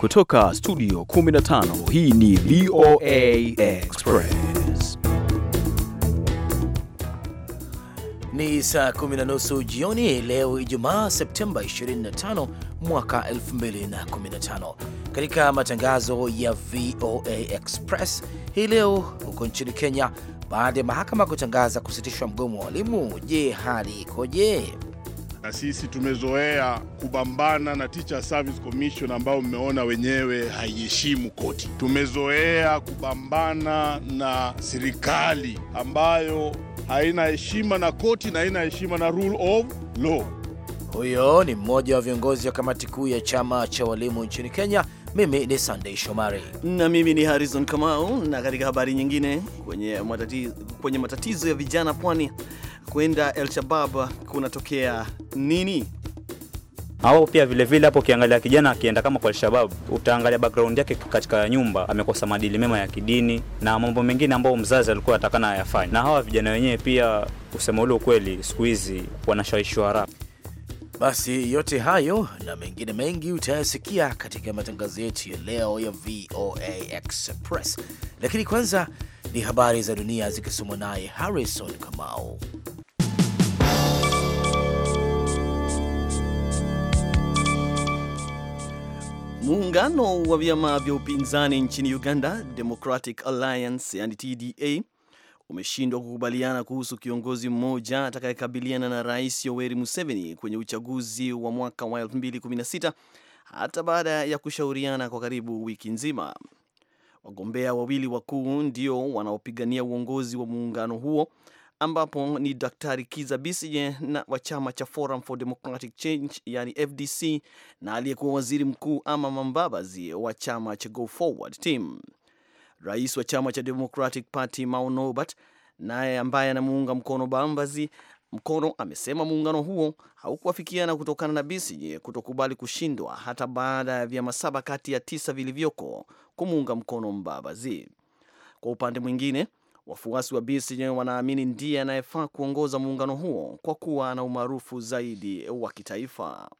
Kutoka studio 15 hii ni VOA Express. Ni saa kumi na nusu jioni leo Ijumaa Septemba 25 mwaka 2015. Katika matangazo ya VOA Express hii leo, huko nchini Kenya, baada ya mahakama kutangaza kusitishwa mgomo wa walimu, je, hali ikoje? na sisi tumezoea kubambana na Teacher Service Commission ambayo mmeona wenyewe haiheshimu koti. Tumezoea kubambana na serikali ambayo haina heshima na koti na haina heshima na rule of law. Huyo ni mmoja wa viongozi wa kamati kuu ya chama cha walimu nchini Kenya. Mimi ni Sunday Shomari na mimi ni Harrison Kamau. Na katika habari nyingine, kwenye matatizo, kwenye matatizo ya vijana pwani kwenda El Shabab kunatokea nini? Au pia vile vile hapo ukiangalia kijana akienda kama kwa Alshabab, utaangalia background yake katika nyumba, amekosa maadili mema ya kidini na mambo mengine ambayo mzazi alikuwa atakana ayafanye. Na hawa vijana wenyewe pia, kusema ule ukweli, siku hizi wanashawishwa haraka. Basi yote hayo na mengine mengi utayasikia katika matangazo yetu ya leo ya VOA Express, lakini kwanza ni habari za dunia zikisomwa naye Harrison Kamau. Muungano wa vyama vya upinzani nchini Uganda, Democratic Alliance yani TDA, umeshindwa kukubaliana kuhusu kiongozi mmoja atakayekabiliana na Rais Yoweri Museveni kwenye uchaguzi wa mwaka wa 2016 hata baada ya kushauriana kwa karibu wiki nzima. Wagombea wawili wakuu ndio wanaopigania uongozi wa muungano huo ambapo ni Daktari Kiza bisije na wa chama cha Forum for Democratic Change yani FDC na aliyekuwa waziri mkuu Ama Mambabazi wa chama cha Go Forward Team. Rais wa chama cha Democratic Party Mao Norbert naye ambaye anamuunga mkono Bambazi mkono amesema muungano huo haukuafikiana kutokana na bisije kutokubali kushindwa hata baada ya vyama saba kati ya tisa vilivyoko kumuunga mkono Mbabazi. Kwa upande mwingine Wafuasi wa Besigye wanaamini ndiye anayefaa kuongoza muungano huo kwa kuwa na umaarufu zaidi wa kitaifa.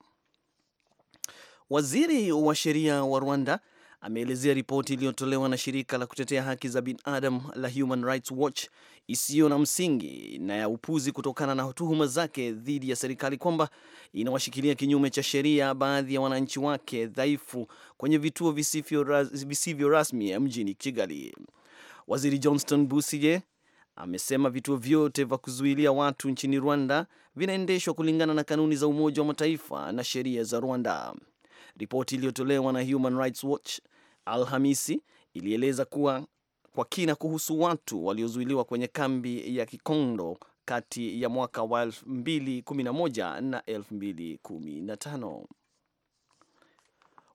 Waziri wa sheria wa Rwanda ameelezea ripoti iliyotolewa na shirika la kutetea haki za binadamu la Human Rights Watch isiyo na msingi na ya upuzi kutokana na tuhuma zake dhidi ya serikali kwamba inawashikilia kinyume cha sheria baadhi ya wananchi wake dhaifu kwenye vituo visivyo rasmi mjini Kigali. Waziri Johnston Busige amesema vituo vyote vya kuzuilia watu nchini Rwanda vinaendeshwa kulingana na kanuni za Umoja wa Mataifa na sheria za Rwanda. Ripoti iliyotolewa na Human Rights Watch Alhamisi ilieleza kuwa kwa kina kuhusu watu waliozuiliwa kwenye kambi ya Kikondo kati ya mwaka wa 2011 na 2015.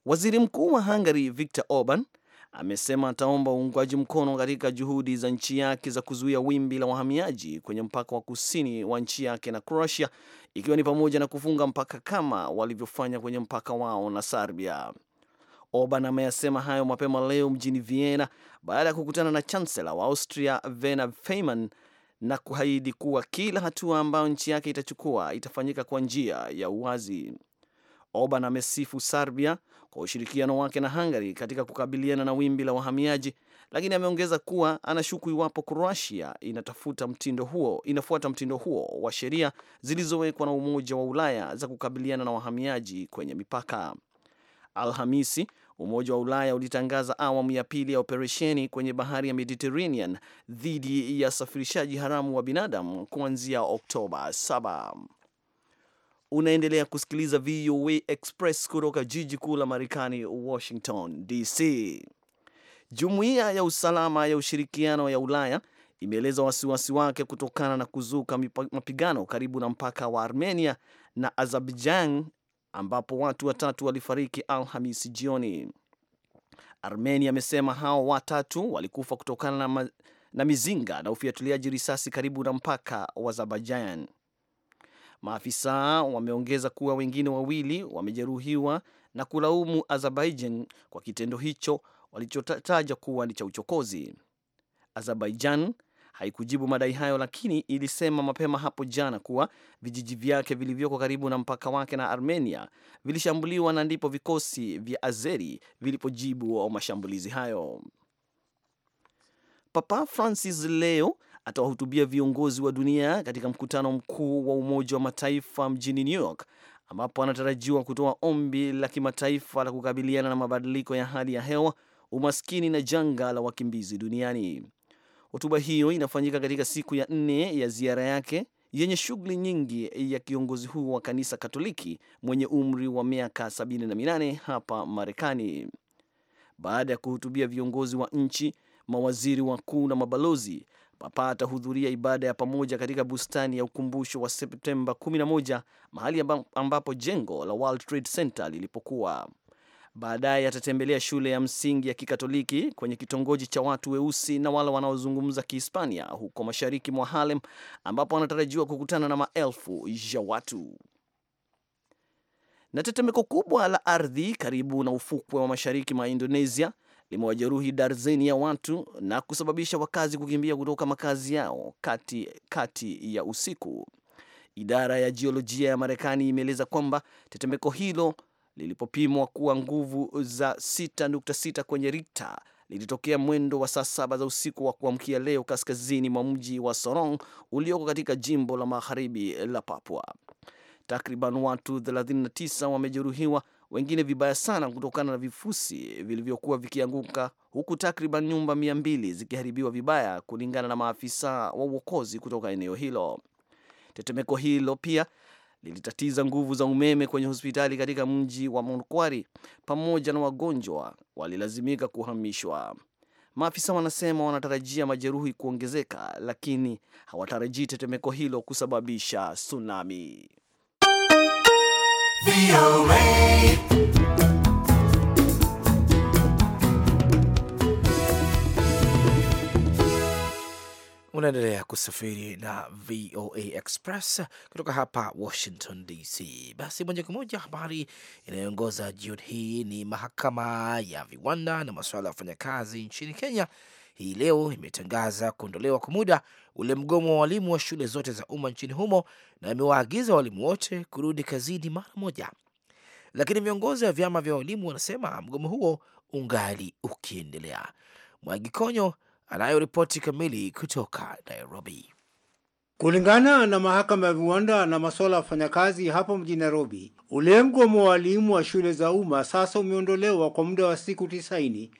Waziri Mkuu wa Hungary Viktor Orban amesema ataomba uungwaji mkono katika juhudi za nchi yake za kuzuia wimbi la wahamiaji kwenye mpaka wa kusini wa nchi yake na Croatia, ikiwa ni pamoja na kufunga mpaka kama walivyofanya kwenye mpaka wao na Serbia. Orban ameyasema hayo mapema leo mjini Vienna baada ya kukutana na chancellor wa Austria Werner Faymann na kuahidi kuwa kila hatua ambayo nchi yake itachukua itafanyika kwa njia ya uwazi. Orban amesifu Serbia kwa ushirikiano wake na Hungary katika kukabiliana na wimbi la wahamiaji, lakini ameongeza kuwa anashuku iwapo Croatia inatafuta mtindo huo, inafuata mtindo huo wa sheria zilizowekwa na Umoja wa Ulaya za kukabiliana na wahamiaji kwenye mipaka. Alhamisi, Umoja wa Ulaya ulitangaza awamu ya pili ya operesheni kwenye bahari ya Mediterranean dhidi ya safirishaji haramu wa binadamu kuanzia Oktoba 7. Unaendelea kusikiliza VOA Express kutoka jiji kuu la Marekani, Washington DC. Jumuiya ya Usalama ya Ushirikiano ya Ulaya imeeleza wasiwasi wake kutokana na kuzuka mapigano karibu na mpaka wa Armenia na Azerbaijan ambapo watu watatu walifariki Alhamisi jioni. Armenia amesema hao watatu walikufa kutokana na, na mizinga na ufiatuliaji risasi karibu na mpaka wa Azerbaijan. Maafisa wameongeza kuwa wengine wawili wamejeruhiwa na kulaumu Azerbaijan kwa kitendo hicho walichotaja kuwa ni cha uchokozi. Azerbaijan haikujibu madai hayo, lakini ilisema mapema hapo jana kuwa vijiji vyake vilivyoko karibu na mpaka wake na Armenia vilishambuliwa na ndipo vikosi vya Azeri vilipojibu mashambulizi hayo. Papa Francis leo atawahutubia viongozi wa dunia katika mkutano mkuu wa Umoja wa Mataifa mjini New York ambapo anatarajiwa kutoa ombi la kimataifa la kukabiliana na mabadiliko ya hali ya hewa, umaskini na janga la wakimbizi duniani. Hotuba hiyo inafanyika katika siku ya nne ya ziara yake yenye shughuli nyingi ya kiongozi huu wa kanisa Katoliki mwenye umri wa miaka 78 hapa Marekani. Baada ya kuhutubia viongozi wa nchi, mawaziri wakuu na mabalozi, Papa atahudhuria ibada ya pamoja katika bustani ya ukumbusho wa Septemba 11 mahali ambapo jengo la World Trade Center lilipokuwa. Baadaye atatembelea shule ya msingi ya Kikatoliki kwenye kitongoji cha watu weusi na wale wanaozungumza Kihispania huko mashariki mwa Harlem ambapo anatarajiwa kukutana na maelfu ya watu. Na tetemeko kubwa la ardhi karibu na ufukwe wa mashariki mwa Indonesia limewajeruhi darzeni ya watu na kusababisha wakazi kukimbia kutoka makazi yao kati, kati ya usiku. Idara ya jiolojia ya Marekani imeeleza kwamba tetemeko hilo lilipopimwa kuwa nguvu za 6.6 kwenye rikta lilitokea mwendo wa saa saba za usiku wa kuamkia leo kaskazini mwa mji wa Sorong ulioko katika jimbo la magharibi la Papua. Takriban watu 39 wamejeruhiwa wengine vibaya sana kutokana na vifusi vilivyokuwa vikianguka, huku takriban nyumba mia mbili zikiharibiwa vibaya, kulingana na maafisa wa uokozi kutoka eneo hilo. Tetemeko hilo pia lilitatiza nguvu za umeme kwenye hospitali katika mji wa monkwari pamoja na wagonjwa walilazimika kuhamishwa. Maafisa wanasema wanatarajia majeruhi kuongezeka, lakini hawatarajii tetemeko hilo kusababisha tsunami. Unaendelea kusafiri na VOA Express kutoka hapa Washington DC. Basi moja kwa moja, habari inayoongoza jioni hii ni mahakama ya viwanda na masuala ya wafanyakazi nchini Kenya hii leo imetangaza kuondolewa kwa muda ule mgomo wa walimu wa shule zote za umma nchini humo na imewaagiza walimu wote kurudi kazini mara moja, lakini viongozi wa vyama vya walimu wanasema mgomo huo ungali ukiendelea. mwagi anayo ripoti kamili kutoka Nairobi. Kulingana na mahakama ya viwanda na masuala ya wafanyakazi hapo mjini Nairobi, ule mgomo wa walimu wa shule za umma sasa umeondolewa kwa muda wa siku tisaini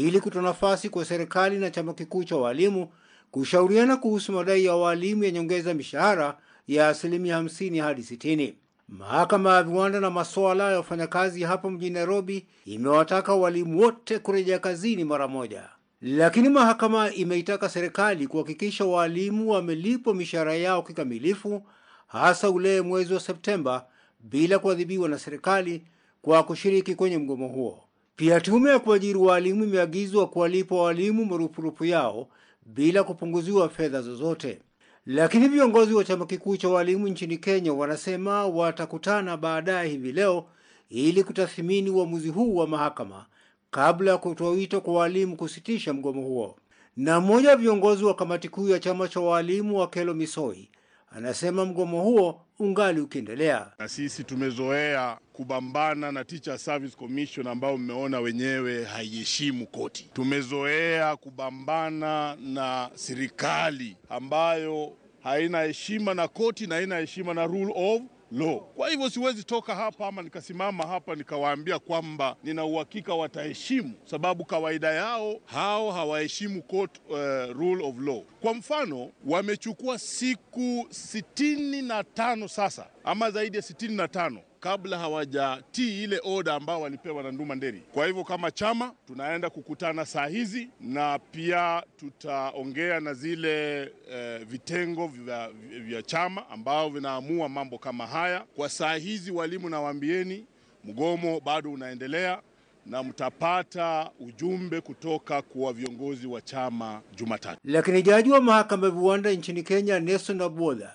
ili kutoa nafasi kwa serikali na chama kikuu cha walimu kushauriana kuhusu madai ya walimu ya nyongeza mishahara ya asilimia 50 hadi 60. Mahakama ya viwanda na masuala ya wafanyakazi hapa mjini Nairobi imewataka walimu wote kurejea kazini mara moja, lakini mahakama imeitaka serikali kuhakikisha walimu wamelipwa mishahara yao kikamilifu, hasa ule mwezi wa Septemba, bila kuadhibiwa na serikali kwa kushiriki kwenye mgomo huo. Pia tume ya kuajiri waalimu imeagizwa kuwalipa waalimu marupurupu yao bila kupunguziwa fedha zozote. Lakini viongozi wa chama kikuu cha waalimu nchini Kenya wanasema watakutana baadaye hivi leo ili kutathmini uamuzi huu wa mahakama kabla ya kutoa wito kwa waalimu kusitisha mgomo huo. Na mmoja wa viongozi wa kamati kuu ya chama cha waalimu kelo Misoi Anasema mgomo huo ungali ukiendelea. Na sisi tumezoea kubambana na Teacher Service Commission ambayo mmeona wenyewe haiheshimu koti. Tumezoea kubambana na serikali ambayo haina heshima na koti na haina heshima na rule of low. Kwa hivyo siwezi toka hapa ama nikasimama hapa nikawaambia kwamba nina uhakika wataheshimu, sababu kawaida yao hao hawaheshimu court uh, rule of law. Kwa mfano, wamechukua siku sitini na tano sasa ama zaidi ya sitini na tano kabla hawajatii ile oda ambao walipewa na Nduma Nderi. Kwa hivyo kama chama tunaenda kukutana saa hizi, na pia tutaongea na zile e, vitengo vya, vya chama ambao vinaamua mambo kama haya. Kwa saa hizi, walimu, nawaambieni mgomo bado unaendelea na mtapata ujumbe kutoka kwa viongozi wa chama Jumatatu. Lakini jaji wa mahakama ya viwanda nchini Kenya Nelson Abwola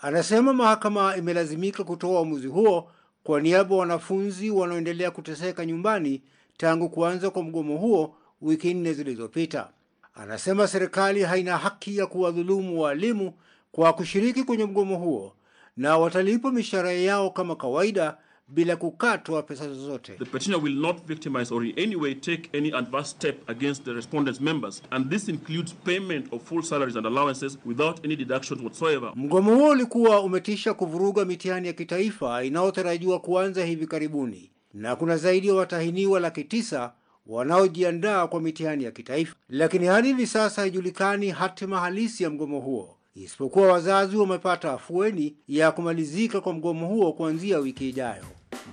anasema mahakama imelazimika kutoa uamuzi huo kwa niaba wanafunzi wanaoendelea kuteseka nyumbani tangu kuanza kwa mgomo huo wiki nne zilizopita, anasema serikali haina haki ya kuwadhulumu waalimu kwa kushiriki kwenye mgomo huo na watalipwa mishahara yao kama kawaida bila kukatwa pesa zozote. The petitioner will not victimize or in any way take any adverse step against the respondents members and this includes payment of full salaries and allowances without any deductions whatsoever. Mgomo huo ulikuwa umetisha kuvuruga mitihani ya kitaifa inayotarajiwa kuanza hivi karibuni na kuna zaidi ya watahiniwa laki tisa wanaojiandaa kwa mitihani ya kitaifa, lakini hadi hivi sasa haijulikani hatima halisi ya mgomo huo isipokuwa wazazi wamepata afueni ya kumalizika kwa mgomo huo kuanzia wiki ijayo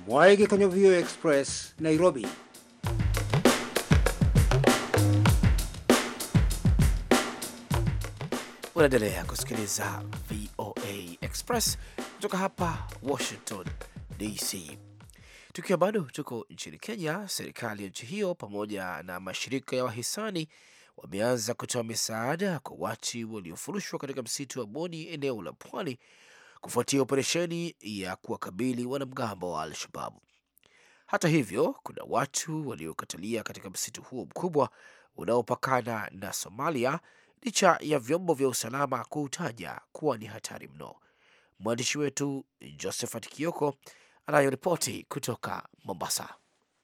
mwaege kwenye VOA Express, Nairobi. Unaendelea kusikiliza VOA Express kutoka hapa Washington DC. Tukiwa bado tuko nchini Kenya, serikali ya nchi hiyo pamoja na mashirika ya wahisani wameanza kutoa misaada kwa watu waliofurushwa katika msitu wa Boni, eneo la pwani kufuatia operesheni ya kuwakabili wanamgambo wa Al-Shabab. Hata hivyo, kuna watu waliokatalia katika msitu huo mkubwa unaopakana na Somalia licha ya vyombo vya usalama kuutaja kuwa ni hatari mno. Mwandishi wetu Josephat Kioko anayoripoti kutoka Mombasa.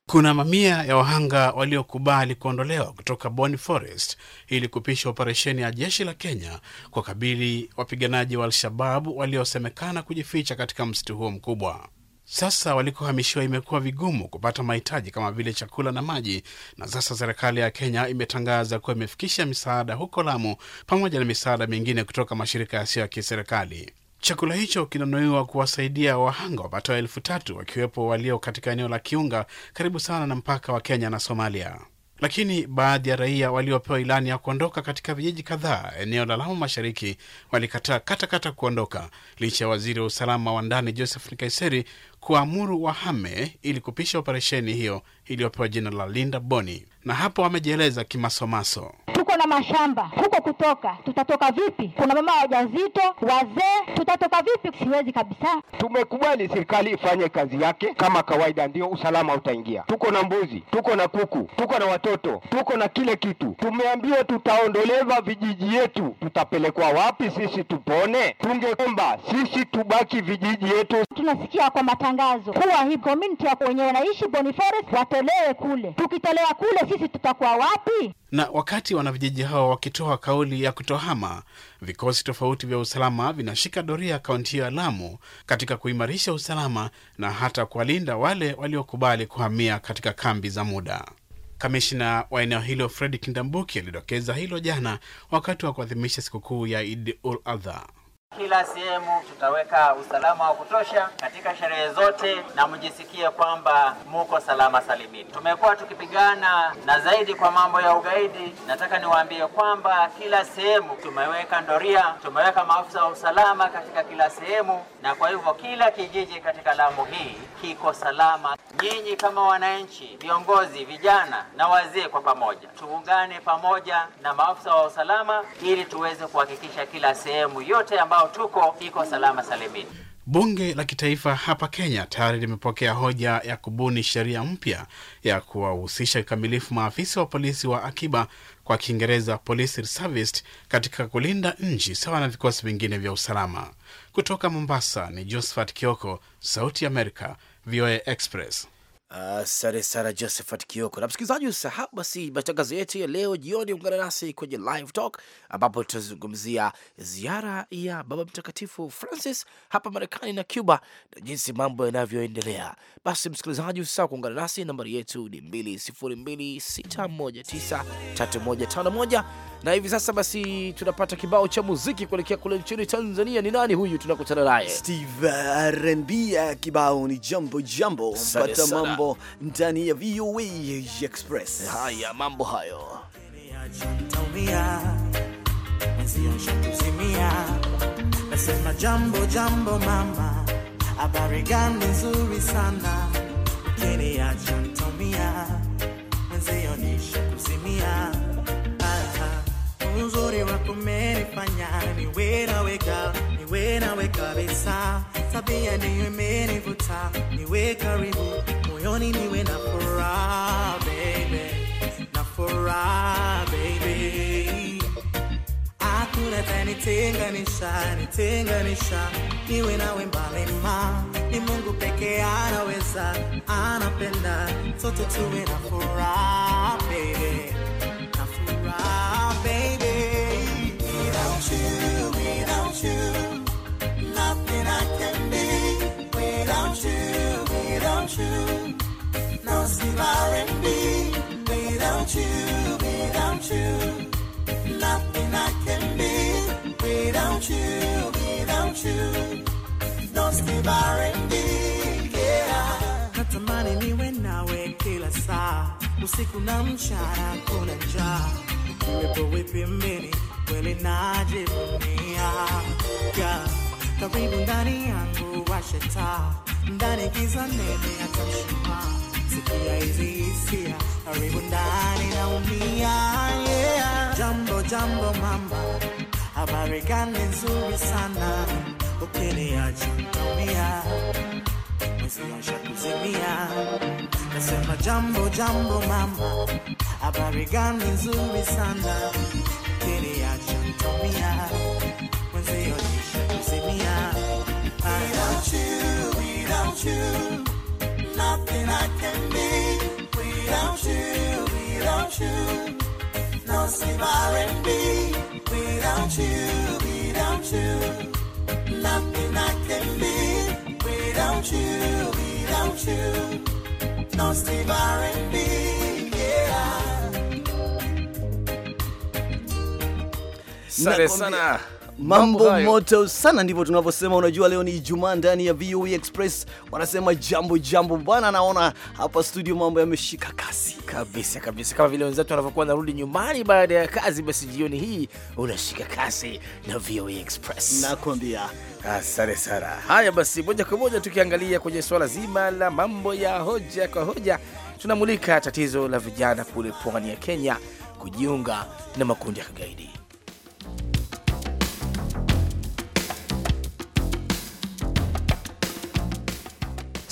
Kuna mamia ya wahanga waliokubali kuondolewa kutoka Boni Forest ili kupisha operesheni ya jeshi la Kenya kwa kabili wapiganaji wa Al-Shababu waliosemekana kujificha katika msitu huo mkubwa. Sasa walikohamishiwa imekuwa vigumu kupata mahitaji kama vile chakula na maji, na sasa serikali ya Kenya imetangaza kuwa imefikisha misaada huko Lamu pamoja na misaada mingine kutoka mashirika yasiyo ya kiserikali. Chakula hicho kinanuiwa kuwasaidia wahanga wapatao elfu tatu wakiwepo walio katika eneo la Kiunga karibu sana na mpaka wa Kenya na Somalia. Lakini baadhi ya raia waliopewa ilani ya kuondoka katika vijiji kadhaa eneo la Lamu Mashariki walikataa katakata kuondoka licha ya waziri wa usalama wa ndani Joseph Nkaiseri kuamuru wahame ili kupisha operesheni hiyo iliyopewa jina la Linda Boni, na hapo wamejieleza kimasomaso tuko na mashamba huko kutoka, tutatoka vipi? Kuna mama wajazito wazee, tutatoka vipi? Siwezi kabisa. Tumekubali serikali ifanye kazi yake kama kawaida, ndio usalama utaingia. Tuko na mbuzi, tuko na kuku, tuko na watoto, tuko na kile kitu. Tumeambiwa tutaondolewa vijiji yetu, tutapelekwa wapi sisi tupone? Tungeomba sisi tubaki vijiji yetu. Tunasikia kwa matangazo kuwa hii community wenye wanaishi Boni Forest watolewe kule, tukitolewa kule sisi tutakuwa wapi? Na wakati wana wanavijiji hao wakitoa kauli ya kutohama. Vikosi tofauti vya usalama vinashika doria kaunti hiyo ya Lamu katika kuimarisha usalama na hata kuwalinda wale waliokubali kuhamia katika kambi za muda. Kamishna wa eneo hilo fredi Kindambuki alidokeza hilo jana wakati wa kuadhimisha sikukuu ya Idi ul Adha. Kila sehemu tutaweka usalama wa kutosha katika sherehe zote, na mjisikie kwamba muko salama salimini. Tumekuwa tukipigana na zaidi kwa mambo ya ugaidi. Nataka niwaambie kwamba kila sehemu tumeweka ndoria, tumeweka maafisa wa usalama katika kila sehemu, na kwa hivyo kila kijiji katika Lamu hii kiko salama. Nyinyi kama wananchi, viongozi, vijana na wazee, kwa pamoja tuungane pamoja na maafisa wa usalama ili tuweze kuhakikisha kila sehemu yote ambayo ambao tuko iko salama salimini. Bunge la kitaifa hapa Kenya tayari limepokea hoja ya kubuni sheria mpya ya kuwahusisha kikamilifu maafisa wa polisi wa akiba, kwa Kiingereza police reservists, katika kulinda nchi sawa na vikosi vingine vya usalama. Kutoka Mombasa ni Josephat Kioko, Sauti ya Amerika, VOA Express. Asante uh, sana Josephat Kioko. Na msikilizaji, usahau basi matangazo yetu ya leo jioni, ungana nasi kwenye Live Talk ambapo tutazungumzia ziara ya Baba Mtakatifu Francis hapa Marekani na Cuba na jinsi mambo yanavyoendelea. Basi msikilizaji, usahau kuungana nasi, nambari yetu ni 2026193151 na hivi sasa basi tunapata kibao cha muziki kuelekea kule nchini Tanzania. Ni nani huyu tunakutana naye? Steve R&B, kibao ni jambo jambo, mambo ndani ya VOA Express. Haya, mambo hayo nasema jambo jambo, mama, habari gani nzuri sana ukiniacha mwenzio kuzimia. Uzuri wako umenifanya niwe I Wena weka besa, tabia ni imeni vuta, niwe karibu, moyoni niwe na furaha baby, na furaha baby. Hakuna tanitenganisha, I niwe nawe mbali ma, ni Mungu pekee anaweza, anapenda, sote tuwe na furaha baby. progressive R&B. Without you, without you, nothing I can be. Without you, without you, no progressive R&B. Yeah. Natamani niwe usiku na mchana, kuna njaa. Uwepo wipimini, kweli najivunia. Yeah. Karibu ndani yangu, washe taa, ndani giza nene, hata sikia hizi hisia, karibu ndani naumia, yeah. Jambo jambo mama, habari gani nzuri sana, ukiniacha ntaumia, Nasema jambo jambo mama, habari gani nzuri sana, ukiniacha ntaumia, you, without you nothing I can be without you, without you. No save R&B without you, without you. Nothing I can be without you, without you. No save R&B. Yeah. Sare sana. mambo moto sana, ndivyo tunavyosema. Unajua, leo ni Ijumaa ndani ya VOA e Express, wanasema jambo jambo bwana. Naona hapa studio mambo yameshika kasi kabisa kabisa, kama vile wenzetu wanavyokuwa narudi nyumbani baada ya kazi, basi jioni hii unashika kasi na VOA e Express, nakwambia. Asante sana. Haya basi, moja kwa moja tukiangalia kwenye suala zima la mambo ya hoja kwa hoja, tunamulika tatizo la vijana kule pwani ya Kenya kujiunga na makundi ya kigaidi.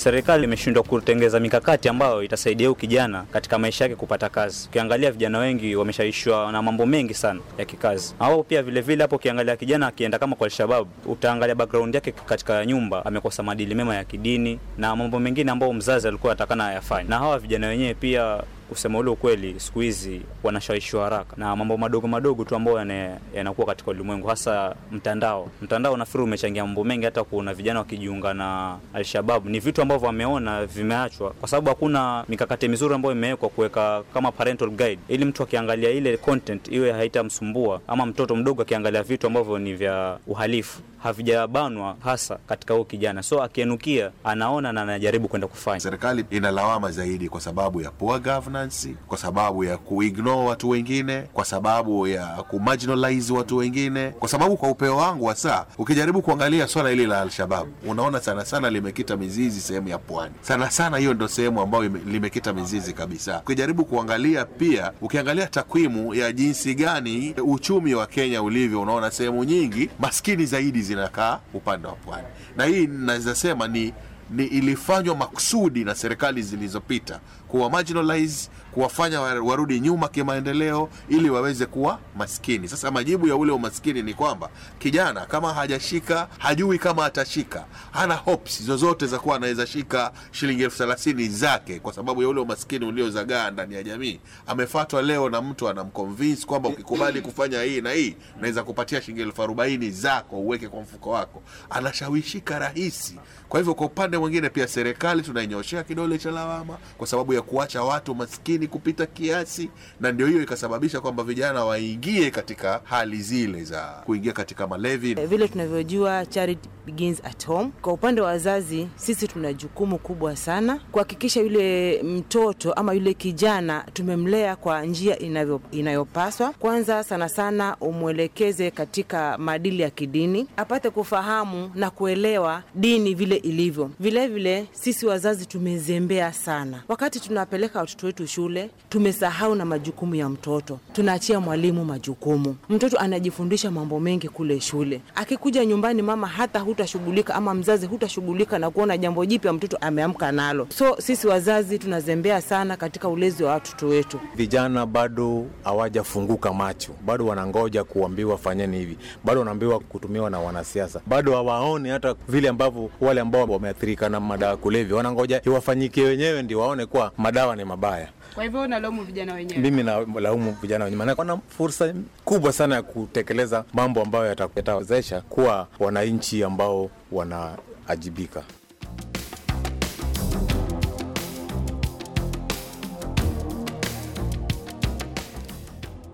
serikali imeshindwa kutengeza mikakati ambayo itasaidia huyu kijana katika maisha yake kupata kazi. Ukiangalia vijana wengi wameshaishwa na mambo mengi sana ya kikazi, au pia vilevile hapo vile, ukiangalia kijana akienda kama kwa Alshabab, utaangalia background yake katika nyumba, amekosa maadili mema ya kidini na mambo mengine ambayo mzazi alikuwa atakana ayafanya na hawa vijana wenyewe pia kusema ule ukweli, siku hizi wanashawishiwa haraka na mambo madogo madogo tu ambayo yanakuwa katika ulimwengu, hasa mtandao. Mtandao nafiri umechangia mambo mengi, hata kuna vijana wakijiunga na Alshababu. Ni vitu ambavyo wameona vimeachwa, kwa sababu hakuna mikakati mizuri ambayo imewekwa kuweka kama parental guide, ili mtu akiangalia ile content iwe haitamsumbua, ama mtoto mdogo akiangalia vitu ambavyo ni vya uhalifu havijabanwa hasa katika huo kijana, so akienukia anaona na anajaribu kwenda kufanya. Serikali ina lawama zaidi kwa sababu ya poor governance, kwa sababu ya kuignore watu wengine, kwa sababu ya kumarginalize watu wengine, kwa sababu kwa upeo wangu wa saa, ukijaribu kuangalia swala hili la Alshabab unaona sana sana limekita mizizi sehemu ya pwani. Sana sana hiyo ndo sehemu ambayo limekita mizizi kabisa. Ukijaribu kuangalia pia, ukiangalia takwimu ya jinsi gani uchumi wa Kenya ulivyo, unaona sehemu nyingi maskini zaidi zinakaa upande wa pwani, na hii naweza sema ni, ni ilifanywa makusudi na serikali zilizopita kuwa marginalize kuwafanya warudi nyuma kimaendeleo ili waweze kuwa maskini. Sasa majibu ya ule umaskini ni kwamba kijana kama hajashika, hajui kama atashika, hana hopes zozote za kuwa anaweza shika shilingi elfu thelathini zake kwa sababu ya ule umaskini uliozagaa ndani ya jamii. Amefatwa leo na mtu anamconvince kwamba ukikubali kufanya hii na hii naweza kupatia shilingi elfu arobaini zako uweke kwa mfuko wako, anashawishika rahisi. Kwa hivyo, kwa upande mwingine pia serikali tunainyoshea kidole cha lawama kwa sababu ya kuacha watu maskini maskini kupita kiasi, na ndio hiyo ikasababisha kwamba vijana waingie katika hali zile za kuingia katika malevi. Eh, vile tunavyojua charity begins at home. Kwa upande wa wazazi, sisi tuna jukumu kubwa sana kuhakikisha yule mtoto ama yule kijana tumemlea kwa njia inavyo, inayopaswa. Kwanza sana sana umwelekeze katika maadili ya kidini, apate kufahamu na kuelewa dini vile ilivyo. Vilevile vile, sisi wazazi tumezembea sana wakati tunapeleka watoto wetu shule shule tumesahau na majukumu ya mtoto, tunaachia mwalimu majukumu. Mtoto anajifundisha mambo mengi kule shule, akikuja nyumbani mama hata hutashughulika ama mzazi hutashughulika na kuona jambo jipya mtoto ameamka nalo. So sisi wazazi tunazembea sana katika ulezi wa watoto wetu. Vijana bado hawajafunguka macho, bado wanangoja kuambiwa fanyeni hivi, bado wanaambiwa kutumiwa na wanasiasa, bado hawaoni hata vile ambavyo wale ambao wameathirika na madawa kulevya wanangoja iwafanyikie wenyewe ndio waone kuwa madawa ni mabaya. Kwa hivyo unalaumu vijana wenyewe. Mimi nalaumu vijana wenyewe, maana wana fursa kubwa sana ya kutekeleza mambo ambayo yatawezesha kuwa wananchi ambao wanaajibika.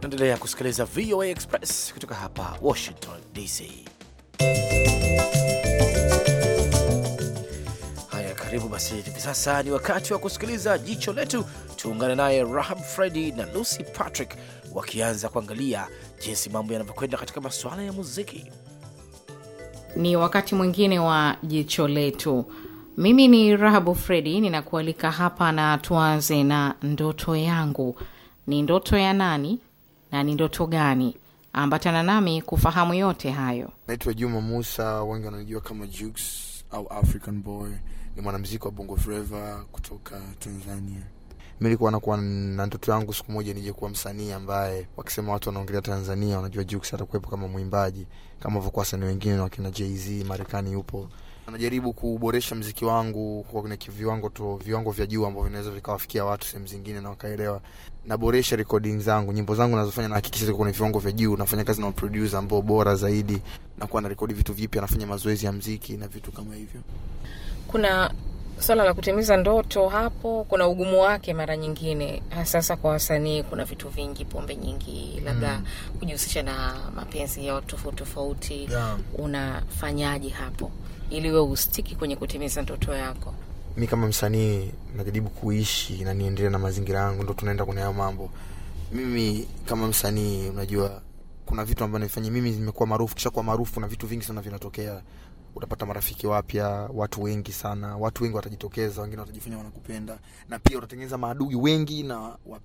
Endelea kusikiliza VOA Express kutoka hapa Washington DC. Hivyo basi hivi sasa ni wakati wa kusikiliza jicho letu. Tuungane naye Rahab Fredi na Lucy Patrick wakianza kuangalia jinsi mambo yanavyokwenda katika masuala ya muziki. Ni wakati mwingine wa jicho letu. Mimi ni Rahabu Fredi, ninakualika hapa na tuanze na ndoto yangu. Ni ndoto ya nani na ni ndoto gani? Ambatana nami kufahamu yote hayo. Naitwa Juma Musa, wengi wananijua kama Jux au African Boy ni mwanamziki wa Bongo Flava kutoka Tanzania. mi likuwa nakuwa na ndoto yangu siku moja nije kuwa msanii ambaye wakisema watu wanaongelea Tanzania wanajua Jux atakuwepo kama mwimbaji kama vokuwa wasanii wengine na wakina jz Marekani yupo. Najaribu kuboresha mziki wangu kwa viwango tu, viwango vya juu ambavyo vinaweza vikawafikia watu sehemu zingine na wakaelewa. Naboresha recording zangu, nyimbo zangu nazofanya, nahakikisha ziko kwenye viwango vya juu. Nafanya kazi na producer ambao bora zaidi, nakuwa narekodi vitu vipya, nafanya mazoezi ya mziki na vitu kama hivyo kuna swala la kutimiza ndoto hapo kuna ugumu wake mara nyingine sasa kwa wasanii kuna vitu vingi pombe nyingi labda mm. kujihusisha na mapenzi ya tofauti tofauti yeah. unafanyaje hapo ili we ustiki kwenye kutimiza ndoto yako mi kama msanii najaribu kuishi na niendelee na mazingira yangu ndo tunaenda kuna hayo mambo mimi kama msanii unajua kuna vitu ambavyo nafanya mimi nimekuwa maarufu kisha kuwa maarufu na vitu vingi sana vinatokea utapata marafiki wapya, watu wengi sana, watu wengi watajitokeza, wengine watajifanya wanakupenda, na pia utatengeneza maadui wengi na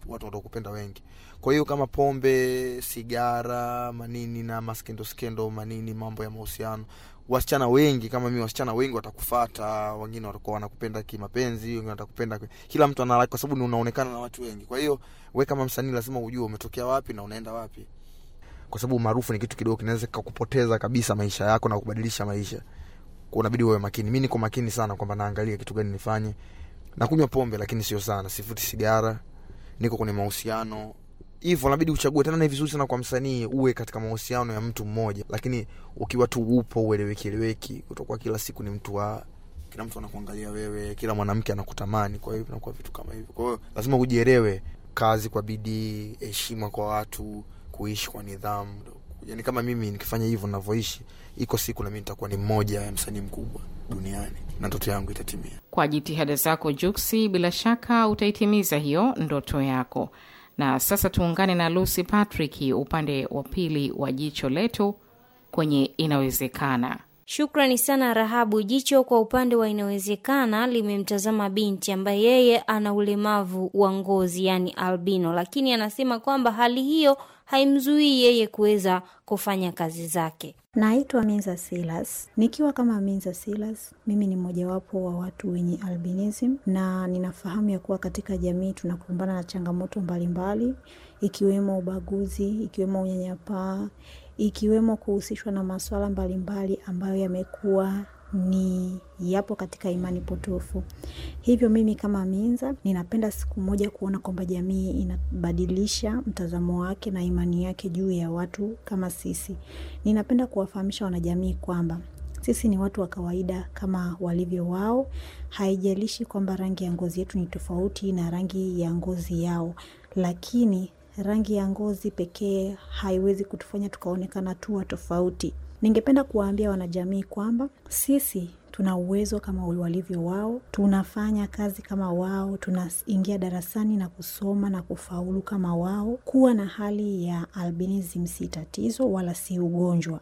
watu watakupenda wengi. Kwa hiyo kama pombe, sigara, manini na maskendo skendo, manini, mambo ya mahusiano, wasichana wengi kama mi wasichana wengi watakufata, wengine watakuwa wanakupenda kimapenzi, wengine watakupenda kila mtu anaraki kwa sababu ni unaonekana na watu wengi. Kwa hiyo we kama msanii lazima ujue umetokea wapi na unaenda wapi kwa sababu umaarufu ni kitu kidogo, kinaweza kakupoteza kabisa maisha yako na kubadilisha maisha. Kwa unabidi uwe makini. Mimi niko makini sana kwamba naangalia kitu gani nifanye. Nakunywa pombe lakini sio sana, sifuti sigara, niko kwenye mahusiano hivyo nabidi uchague tena. Na vizuri sana kwa msanii uwe katika mahusiano ya mtu mmoja, lakini ukiwa tu upo ueleweki eleweki, utakuwa kila siku ni mtu wa kila mtu anakuangalia wewe, kila mwanamke anakutamani. Kwa hiyo inakuwa vitu kama hivyo. Kwa hiyo lazima ujielewe, kazi kwa bidii, heshima kwa watu kuishi kwa nidhamu. Yani kama mimi nikifanya hivyo navyoishi, iko siku nami nitakuwa ni mmoja ya msanii mkubwa duniani na ndoto yangu itatimia. Kwa jitihada zako Juksi, bila shaka utaitimiza hiyo ndoto yako. Na sasa tuungane na Lucy Patrick upande wa pili wa jicho letu kwenye inawezekana. Shukrani sana Rahabu. Jicho kwa upande wa inawezekana limemtazama binti ambaye yeye ana ulemavu wa ngozi, yani albino, lakini anasema kwamba hali hiyo haimzuii yeye kuweza kufanya kazi zake. Naitwa Minza Silas. Nikiwa kama Minza Silas, mimi ni mmojawapo wa watu wenye albinism na ninafahamu ya kuwa katika jamii tunakumbana na changamoto mbalimbali mbali, ikiwemo ubaguzi, ikiwemo unyanyapaa, ikiwemo kuhusishwa na masuala mbalimbali ambayo yamekuwa ni yapo katika imani potofu. Hivyo mimi kama Minza ninapenda siku moja kuona kwamba jamii inabadilisha mtazamo wake na imani yake juu ya watu kama sisi. Ninapenda kuwafahamisha wanajamii kwamba sisi ni watu wa kawaida kama walivyo wao. Haijalishi kwamba rangi ya ngozi yetu ni tofauti na rangi ya ngozi yao, lakini rangi ya ngozi pekee haiwezi kutufanya tukaonekana tuwa tofauti. Ningependa kuwaambia wanajamii kwamba sisi tuna uwezo kama walivyo wao, tunafanya kazi kama wao, tunaingia darasani na kusoma na kufaulu kama wao. Kuwa na hali ya albinism si tatizo wala si ugonjwa,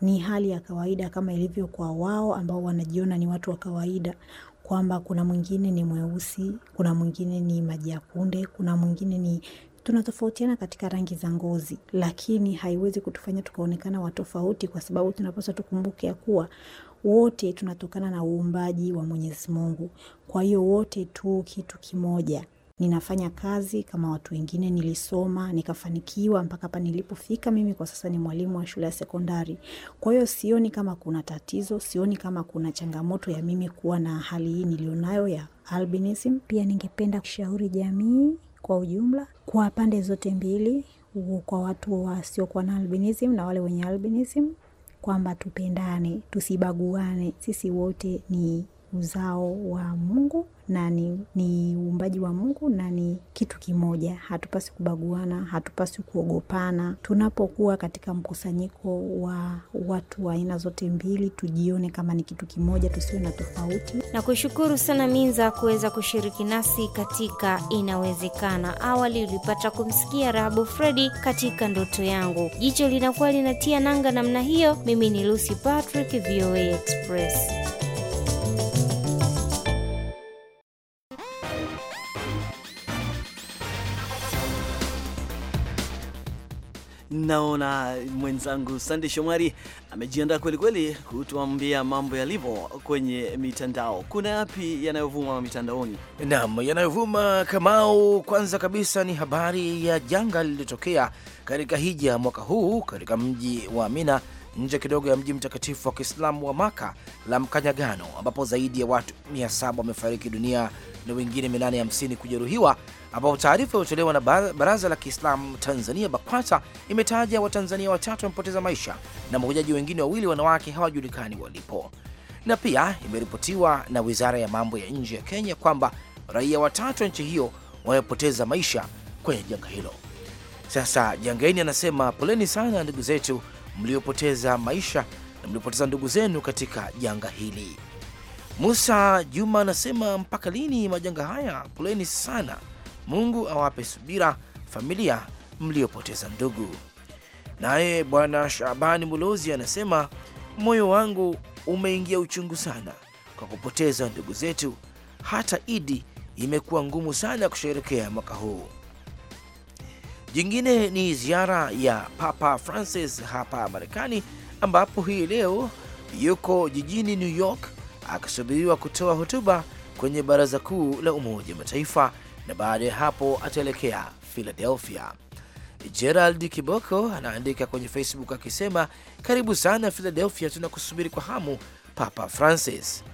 ni hali ya kawaida kama ilivyo kwa wao ambao wanajiona ni watu wa kawaida, kwamba kuna mwingine ni mweusi, kuna mwingine ni maji ya kunde, kuna mwingine ni tunatofautiana katika rangi za ngozi, lakini haiwezi kutufanya tukaonekana watofauti, kwa sababu tunapaswa tukumbuke ya kuwa wote tunatokana na uumbaji wa Mwenyezi Mungu. Kwa hiyo wote tu kitu kimoja. Ninafanya kazi kama watu wengine, nilisoma nikafanikiwa mpaka hapa nilipofika. Mimi kwa sasa ni mwalimu wa shule ya sekondari, kwa hiyo sioni kama kuna tatizo, sioni kama kuna changamoto ya mimi kuwa na hali hii nilionayo ya albinism. Pia ningependa kushauri jamii kwa ujumla kwa pande zote mbili, kwa watu wasiokuwa na albinism na wale wenye albinism, kwamba tupendane, tusibaguane, sisi wote ni uzao wa Mungu na ni, ni uumbaji wa Mungu na ni kitu kimoja. Hatupasi kubaguana, hatupasi kuogopana. Tunapokuwa katika mkusanyiko wa watu wa aina zote mbili, tujione kama ni kitu kimoja, tusiwe na tofauti. Na kushukuru sana Minza kuweza kushiriki nasi katika Inawezekana. Awali ulipata kumsikia Rahabu Fredi katika Ndoto Yangu. Jicho linakuwa linatia nanga namna hiyo. Mimi ni Lucy Patrick, VOA Express. naona mwenzangu Sandey Shomari amejiandaa kwelikweli kutuambia mambo yalivyo kwenye mitandao. Kuna yapi yanayovuma mitandaoni? Naam, yanayovuma Kamau, kwanza kabisa ni habari ya janga lililotokea katika hija mwaka huu katika mji wa Mina nje kidogo ya mji mtakatifu wa Kiislamu wa Maka la mkanyagano ambapo zaidi ya watu 700 wamefariki dunia na wengine 850 kujeruhiwa, ambapo taarifa iliyotolewa na Baraza la Kiislamu Tanzania BAKWATA imetaja Watanzania watatu wamepoteza maisha na mahujaji wengine wawili wanawake hawajulikani walipo. Na pia imeripotiwa na Wizara ya Mambo ya Nje ya Kenya kwamba raia watatu wa nchi hiyo wamepoteza maisha kwenye janga hilo. Sasa Jangaini anasema poleni sana ndugu zetu mliopoteza maisha na mliopoteza ndugu zenu katika janga hili. Musa Juma anasema mpaka lini majanga haya? Poleni sana, Mungu awape subira familia mliopoteza ndugu. Naye bwana Shabani Mulozi anasema moyo wangu umeingia uchungu sana kwa kupoteza ndugu zetu, hata Idi imekuwa ngumu sana kusherekea mwaka huu. Jingine ni ziara ya Papa Francis hapa Marekani, ambapo hii leo yuko jijini New York akisubiriwa kutoa hotuba kwenye baraza kuu la Umoja Mataifa na baada ya hapo ataelekea Philadelphia. Gerald Kiboko anaandika kwenye Facebook akisema karibu sana Philadelphia, tunakusubiri kwa hamu Papa Francis.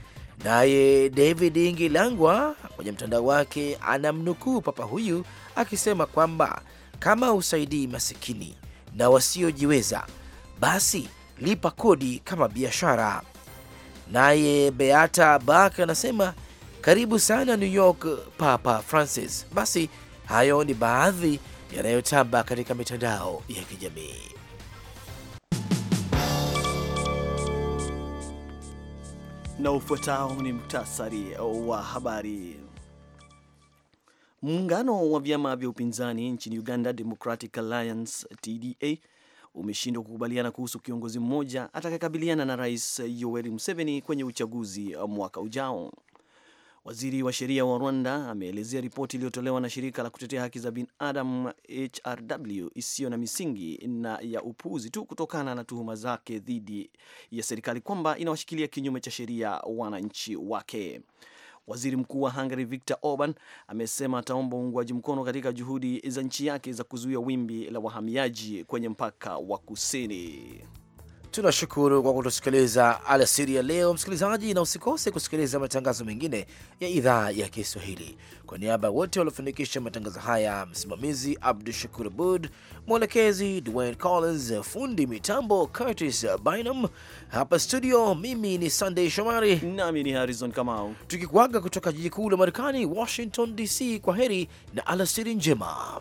Naye David ngilangwa kwenye mtandao wake anamnukuu papa huyu akisema kwamba kama usaidii masikini na wasiojiweza, basi lipa kodi kama biashara. Naye Beata Bak anasema karibu sana New York, Papa Francis. Basi hayo ni baadhi yanayotamba katika mitandao ya kijamii. Na ufuatao ni mktasari wa habari. Muungano wa vyama vya upinzani nchini Uganda, Democratic Alliance TDA umeshindwa kukubaliana kuhusu kiongozi mmoja atakayekabiliana na Rais Yoweri Museveni kwenye uchaguzi mwaka ujao. Waziri wa sheria wa Rwanda ameelezea ripoti iliyotolewa na shirika la kutetea haki za binadamu HRW isiyo na misingi na ya upuuzi tu kutokana na tuhuma zake dhidi ya serikali kwamba inawashikilia kinyume cha sheria wananchi wake. Waziri mkuu wa Hungary Viktor Orban amesema ataomba uungwaji mkono katika juhudi za nchi yake za kuzuia wimbi la wahamiaji kwenye mpaka wa kusini. Tunashukuru kwa kutusikiliza alasiri ya leo, msikilizaji, na usikose kusikiliza matangazo mengine ya idhaa ya Kiswahili. Kwa niaba ya wote waliofanikisha matangazo haya, msimamizi Abdu Shakur Abud, mwelekezi Dwayne Collins, fundi mitambo Curtis Bynum. Hapa studio, mimi ni sandey Shomari nami ni Harrison Kamau, tukikuaga kutoka jiji kuu la Marekani, Washington DC. Kwa heri na alasiri njema.